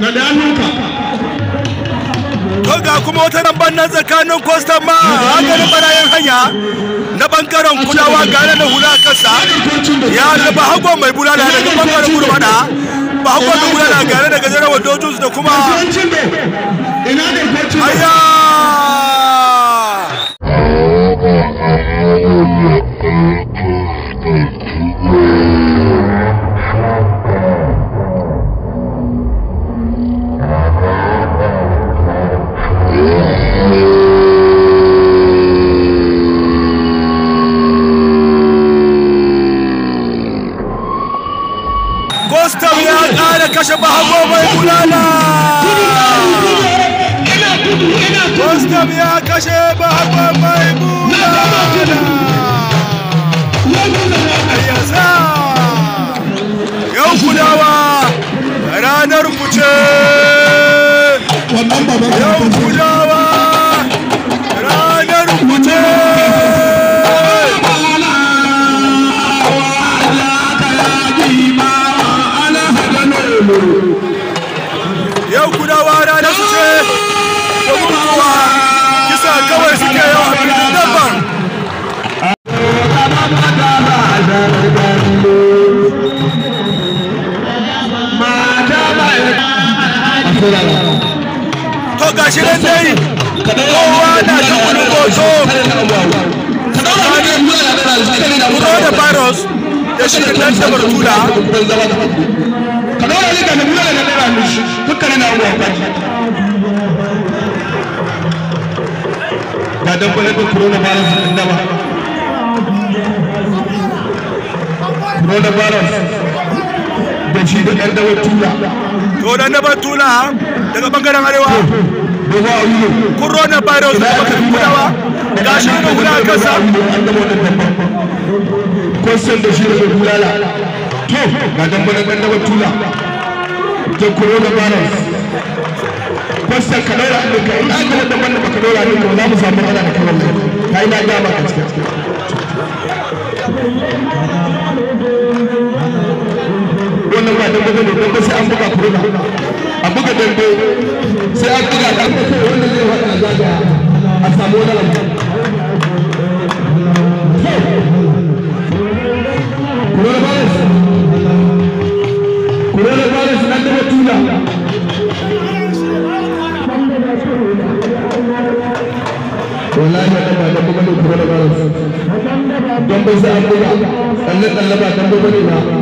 na danunka to ga kuma wata rabban nan tsakanin kwastama hagarin barayin hanya na bangaren kudawa gare da hula kansa ya zaba hagon mai bulala daga bangaren kudu bada ba hagon mai bulala gare da gajeren dojus da kuma haya Atam ya kare kashe bahago mai bulala. Rostam ya kashe bahago mai bulala. Ayyasa. Yau kudawa ranar ku Yau kudawa. to gashi nan dai kowa na ta hoto Kudo da virus da shi da ta martula ba don kwanar da coronavirus da ba Bola Barons da shi da ɗan dawar tula. To ɗan dawar tula daga bangaren arewa. Kurro na Barons daga bangaren kudawa. Ga shi da hula a kansa. Kwasan da shi da mai To ga dambanin ɗan dawar tula. Da kurro na Barons. Kwasan ka daura abin ka in an gaba dambanin baka daura abin ka za mu samu ana da kawai. Ka yi na dama a cikin. buga a buga dambe sai buga a samu wani ba da kuma buga tsalle tsalle ba don bai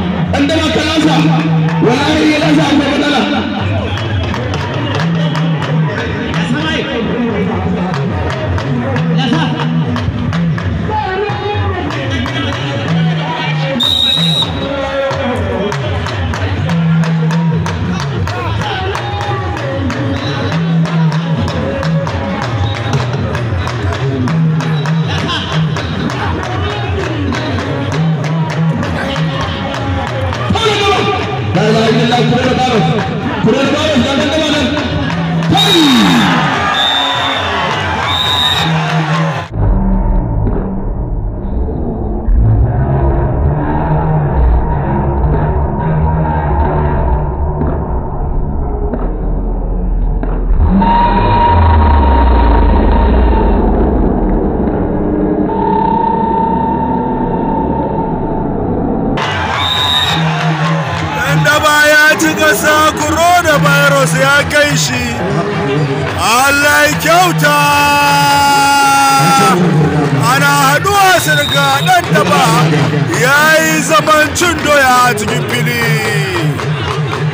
dan dama kalansa wallahi ya lasa ya kai shi Allah kyauta ana haduwa sirga dan taba ya yi zaman cin doya a cikin fili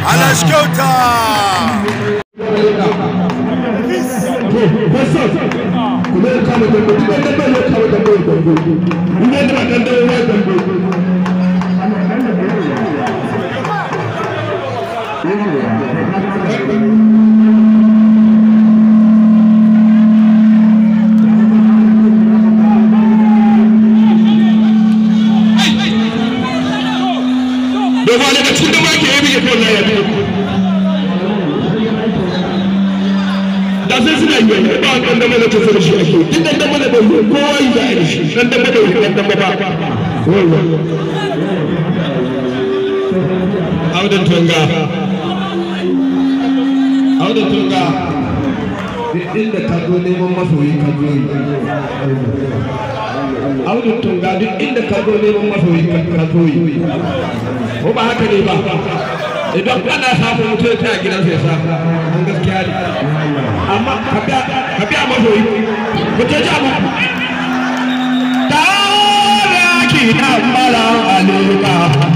Allah kyauta kuma ya kama kuma ya kama ba sai suna yi wani ba dama da kusa shi ake duk dama da ɗan kowa yi shi dama da dama ba audan tunga audan tunga duk inda ka zo neman masoyi ka zo audan tunga duk inda ka zo neman masoyi ka zo yi ko ba haka ne ba idan ana samu mutum ya a gidansa ya samu an gaskiya ne amma ka biya masoyi ku ce ja mu ta da ki mara alika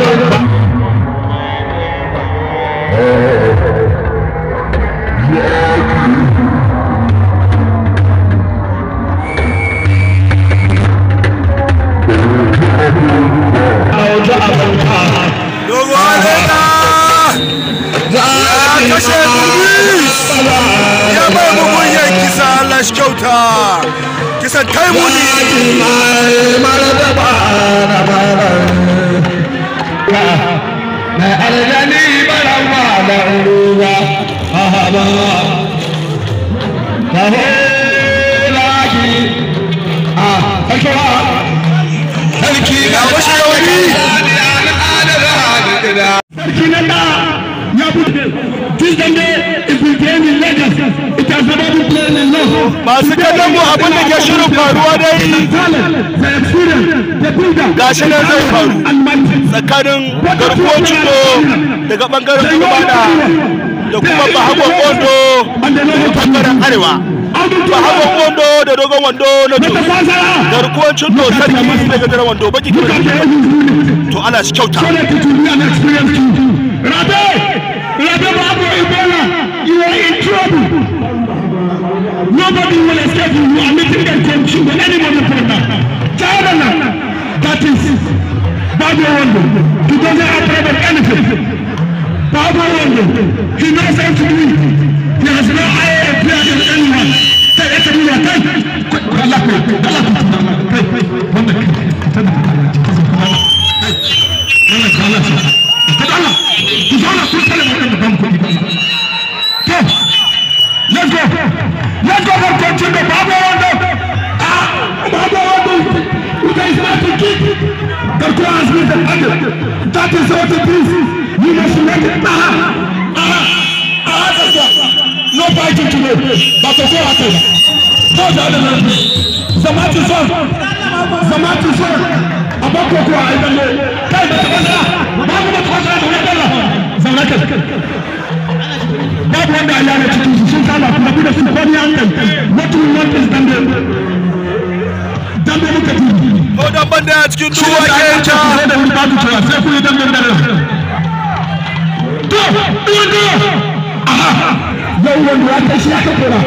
Thank you. Ah, sarki wasu ya masu kallon mu abin da ke shirin faruwa dai ga shi zai faru tsakanin garkuwar ciko daga bangaren kuma da da kuma bahagon kondo da bangaren arewa bahagon kondo da dogon wando na to garkuwan cinto sarki daga jiran wando baki kuma to ana shi kyauta babu ibola nobody will escape you meeting them anybody from that is wando have anything problem. He knows how to do it. He has no eye of prayer than anyone. Tell everyone, tell Allah, Allah, Let's go. Let's go for continue. Baba Wanda. Ah, Baba Wanda. You guys have to keep. The Quran has made the That is what it is. You must let it. Ah. tafi aikin ki ne ba ta kowa kai ba da wani nan zama ci son zama ci son a bako kuwa a yi kallo kai da ta banza ba mu da ta banza dambe wani dala zauna kai babu wanda Allah ne cikin su sun kama kuma ku da sun bani an kai what we want is dambe dambe muka ji ko dan banda a cikin duwa ke ta da wani ba ku cewa sai ku yi dambe da to duwa aha akwai wanda ya kai shi aka kora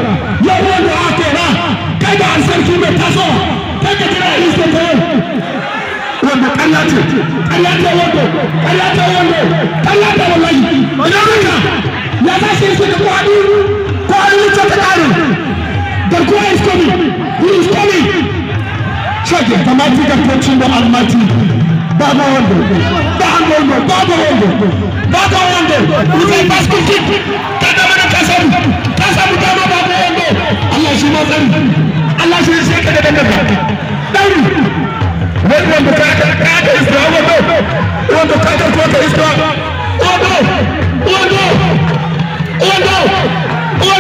yau wanda aka kai ba an sarki mai taso kai ka jira yi sai kai wanda wando ƙarya wando idan haka ya za su yi su da kwaɗi kwaɗi wuce ta ƙarin garkuwa is coming he is coming shaggy the mighty approaching the almighty Baba wando Baba wando Baba wando wando ka shi ma Allah shi shi ka da dangar tsari wannan bukata ka da isra wando wannan bukatar ko ka isra wando wando wando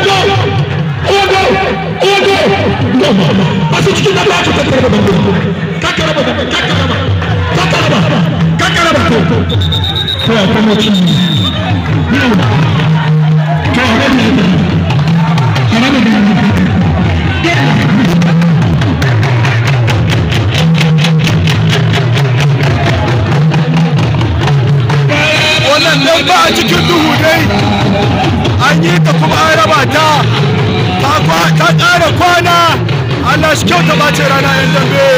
wando wando wando gama a su cikin da ba ka tattara da ka karaba ka karaba ka karaba ka karaba ko ko kuma ci yau ka rabu ba a cikin duhu dai an yi ta kuma an raba ta ta ƙara kwana Allah shi kyauta ba ce rana 'yan dambe